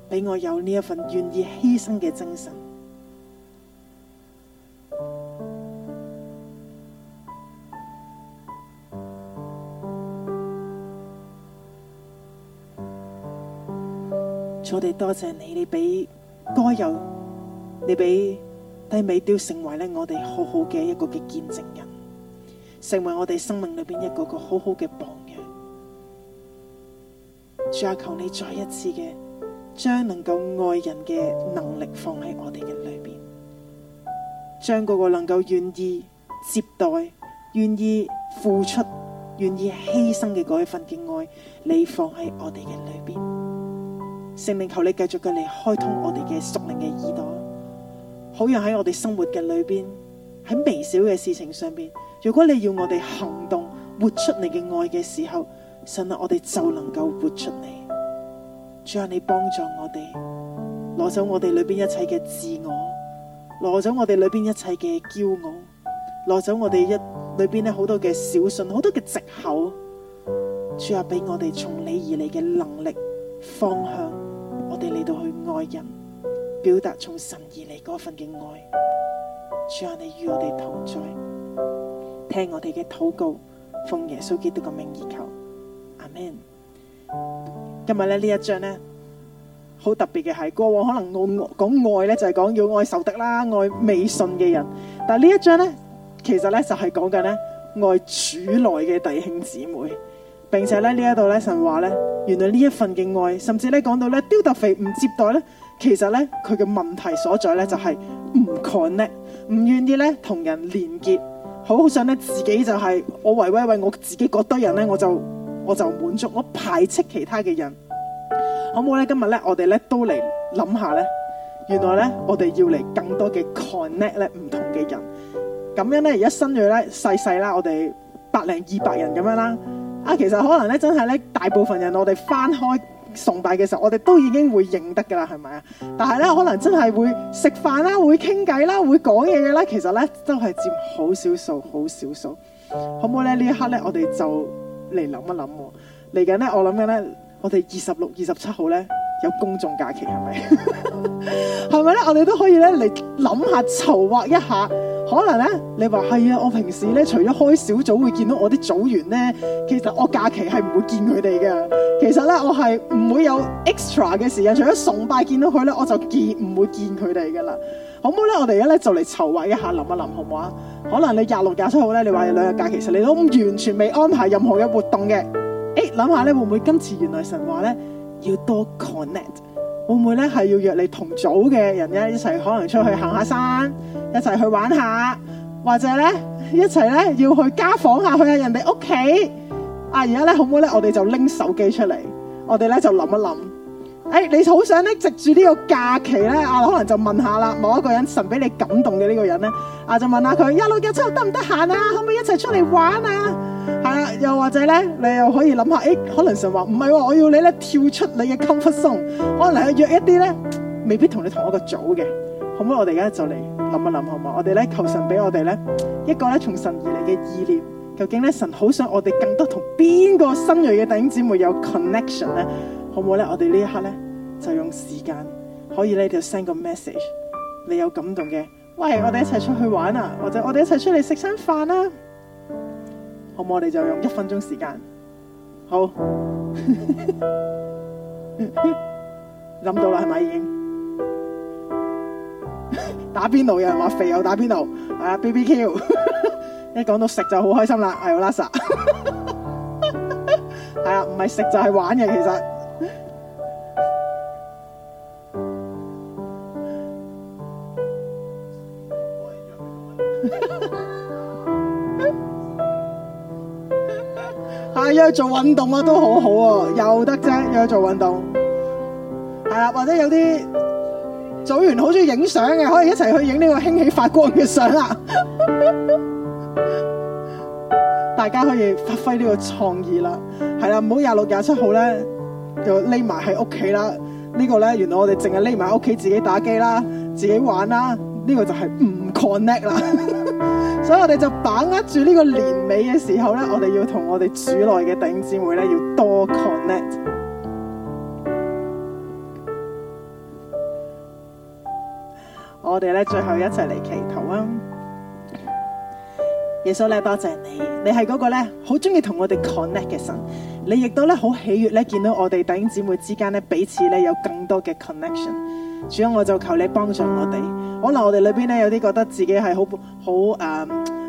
俾我有呢一份願意犧牲嘅精神。我哋多謝，謝你，你俾哥有，你俾低美雕，成為咧我哋好好嘅一個嘅見證人，成為我哋生命裏邊一個一個好好嘅榜樣。主啊，求你再一次嘅將能夠愛人嘅能力放喺我哋嘅裏邊，將嗰個能夠願意接待、願意付出、願意犧牲嘅嗰一份嘅愛，你放喺我哋嘅裏邊。聖靈，求你繼續嘅嚟，開通我哋嘅屬靈嘅耳朵，好讓喺我哋生活嘅裏邊，喺微小嘅事情上邊，如果你要我哋行動活出你嘅愛嘅時候，神啊，我哋就能夠活出你。主啊，你幫助我哋，攞走我哋裏邊一切嘅自我，攞走我哋裏邊一切嘅驕傲，攞走我哋一裏邊咧好多嘅小信，好多嘅藉口。主啊，俾我哋從你而嚟嘅能力方向。我哋嚟到去愛人，表達從神而嚟嗰份嘅愛。主啊，你與我哋同在，聽我哋嘅禱告，奉耶穌基督嘅名而求，阿門。今日咧呢一章咧，好特別嘅係，過往可能我講愛咧就係講要愛仇敵啦，愛未信嘅人，但係呢一章咧，其實咧就係講緊咧愛主內嘅弟兄姊妹，並且咧呢一度咧神話咧。原來呢一份嘅愛，甚至咧講到咧丟特腓唔接待咧，其實咧佢嘅問題所在咧就係唔 connect，唔願意咧同人連結，好好想咧自己就係、是、我圍圍圍我自己嗰堆人咧，我就我就滿足，我排斥其他嘅人。好唔好咧？今日咧，我哋咧都嚟諗下咧，原來咧我哋要嚟更多嘅 connect 咧，唔同嘅人，咁樣咧而家新銳咧細細啦，我哋百零二百人咁樣啦。啊，其實可能咧，真係咧，大部分人我哋翻開崇拜嘅時候，我哋都已經會認得噶啦，係咪啊？但係咧，可能真係會食飯啦，會傾偈啦，會講嘢嘅咧，其實咧都係佔好少，少數，好少數，好唔好咧？呢一刻咧，我哋就嚟諗一諗喎、哦。嚟緊咧，我諗緊咧，我哋二十六、二十七號咧。有公眾假期係咪？係咪咧？我哋都可以咧嚟諗下，籌劃一下。可能咧，你話係啊，我平時咧除咗開小組會見到我啲組員咧，其實我假期係唔會見佢哋嘅。其實咧，我係唔會有 extra 嘅時間，除咗崇拜見到佢咧，我就見唔會見佢哋噶啦。好唔好咧？我哋而家咧就嚟籌劃一下，諗一諗，好唔好啊？可能你廿六、廿七號咧，你話有兩日假期，其實你都完全未安排任何嘅活動嘅。誒、欸，諗下咧，會唔會今次原來神話咧？要多 connect，會唔會咧係要約你同組嘅人咧一齊可能出去行下山，一齊去玩下，或者咧一齊咧要去家訪下，去下人哋屋企。啊，而家咧好唔好咧，我哋就拎手機出嚟，我哋咧就諗一諗。誒、欸，你好想咧藉住呢個假期咧，啊可能就問下啦，某一個人神俾你感動嘅呢個人咧，啊就問下佢，一六一七得唔得閒啊？可唔可以一齊出嚟玩啊？係啦，又或者咧，你又可以諗下，誒，可能神話唔係我要你咧跳出你嘅 comfort zone，可能去約一啲咧，未必同你同一個組嘅，好唔好？我哋而家就嚟諗一諗好唔好？我哋咧求神俾我哋咧一個咧從神而嚟嘅意念，究竟咧神好想我哋更多同邊個新銳嘅弟兄姊妹有 connection 咧，好唔好咧？我哋呢一刻咧就用時間可以咧就 send 個 message，你有感動嘅，喂，我哋一齊出去玩啊，或者我哋一齊出嚟食餐飯啦，啊。好唔好？我哋就用一分鐘時間。好，諗到啦，係咪已經打邊爐？有人話肥又打邊爐，係啊，BBQ。一講到食就好開心啦，係啊，Lassa。係啊，唔係食就係玩嘅，其實。有做運動也啊，都好好喎，又得啫。又做運動，係啦，或者有啲組員好中意影相嘅，可以一齊去影呢個興起發光嘅相啦。 <laughs> 大家可以發揮呢個創意啦，係啦，唔好廿六廿七號咧，就匿埋喺屋企啦。呢個、呢個咧，原來我哋淨係匿埋屋企自己打機啦，自己玩啦。呢、呢個就係唔 connect 啦。 <laughs> 所以我哋就把握住呢個年尾嘅時候咧，我哋要同我哋主內嘅弟兄姊妹咧，要多 connect。我哋咧，最後一齊嚟祈禱啊！耶穌咧，多謝謝你，你係嗰個咧好中意同我哋 connect 嘅神，你亦都咧好喜悅咧見到我哋弟兄姊妹之間咧彼此咧有更多嘅 connection。主啊，我就求你幫助我哋。可能我哋裏邊咧有啲覺得自己係好好誒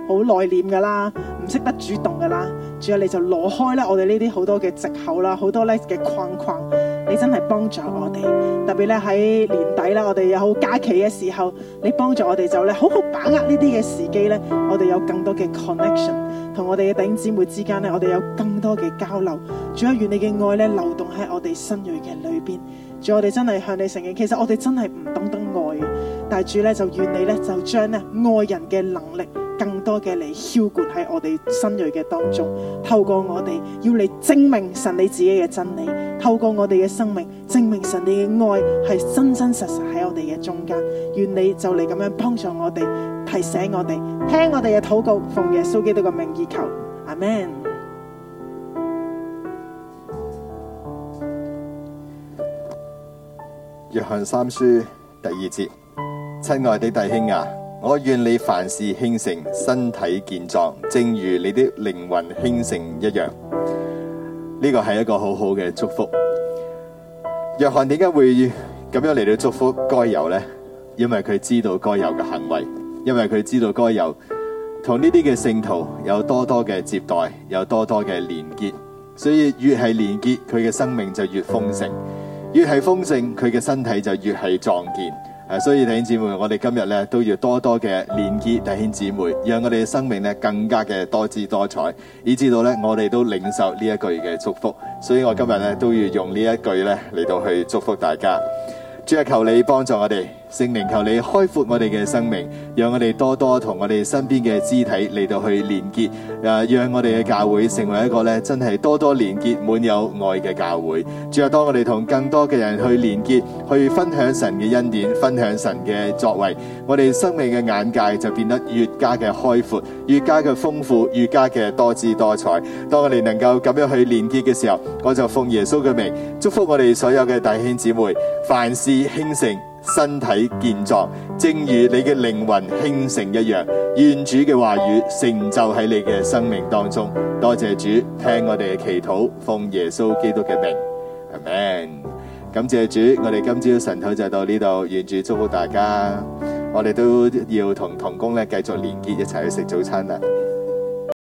好內斂噶啦，唔識、嗯、得主動噶啦。仲有，你就攞開咧我哋呢啲好多嘅藉口啦，好多咧嘅框框。你真係幫助我哋，特別咧喺年底啦，我哋有好假期嘅時候，你幫助我哋就咧好好把握呢啲嘅時機咧，我哋有更多嘅 connection 同我哋嘅弟兄姊妹之間咧，我哋有更多嘅交流。仲有，願你嘅愛咧流動喺我哋新銳嘅裏邊。仲有，我哋真係向你承認，其實我哋真係唔懂得愛。大主咧就願你咧就將咧愛人嘅能力更多嘅嚟澆灌喺我哋新銳嘅當中，透過我哋要嚟證明神你自己嘅真理，透過我哋嘅生命證明神你嘅愛係真真實實喺我哋嘅中間。願你就嚟咁樣幫助我哋，提醒我哋聽我哋嘅禱告，奉耶穌基督嘅名義求，阿門。
約翰三書第二節。親愛的弟兄啊，我願你凡事興盛，身體健壯，正如你的靈魂興盛一樣。呢個係一個好好嘅祝福。約翰點解會咁樣嚟到祝福該有呢？因為佢知道該有嘅行為，因為佢知道該有同呢啲嘅聖徒有多多嘅接待，有多多嘅連結。所以越係連結，佢嘅生命就越豐盛；越係豐盛，佢嘅身體就越係壯健。所以弟兄姊妹，我哋今日都要多多嘅連結弟兄姊妹，讓我哋嘅生命呢更加嘅多姿多彩，以至到呢我哋都領受呢一句嘅祝福。所以我今日呢都要用呢一句呢嚟到去祝福大家。主啊，求你幫助我哋。聖靈求你開闊我哋嘅生命，讓我哋多多同我哋身邊嘅肢體嚟到去連結，誒、啊，讓我哋嘅教會成為一個咧真係多多連結、滿有愛嘅教會。只要當我哋同更多嘅人去連結、去分享神嘅恩典、分享神嘅作為，我哋生命嘅眼界就變得越加嘅開闊、越加嘅豐富、越加嘅多姿多彩。當我哋能夠咁樣去連結嘅時候，我就奉耶穌嘅名祝福我哋所有嘅弟兄姊妹，凡事興盛。身體健壯，正如你嘅靈魂興盛一樣，願主嘅話語成就喺你嘅生命當中。多謝主，聽我哋嘅祈禱，奉耶穌基督嘅名，Amen。感謝主，我哋今朝晨禱就到呢度，願主祝福大家。我哋都要同同工咧繼續連結一齊去食早餐啦。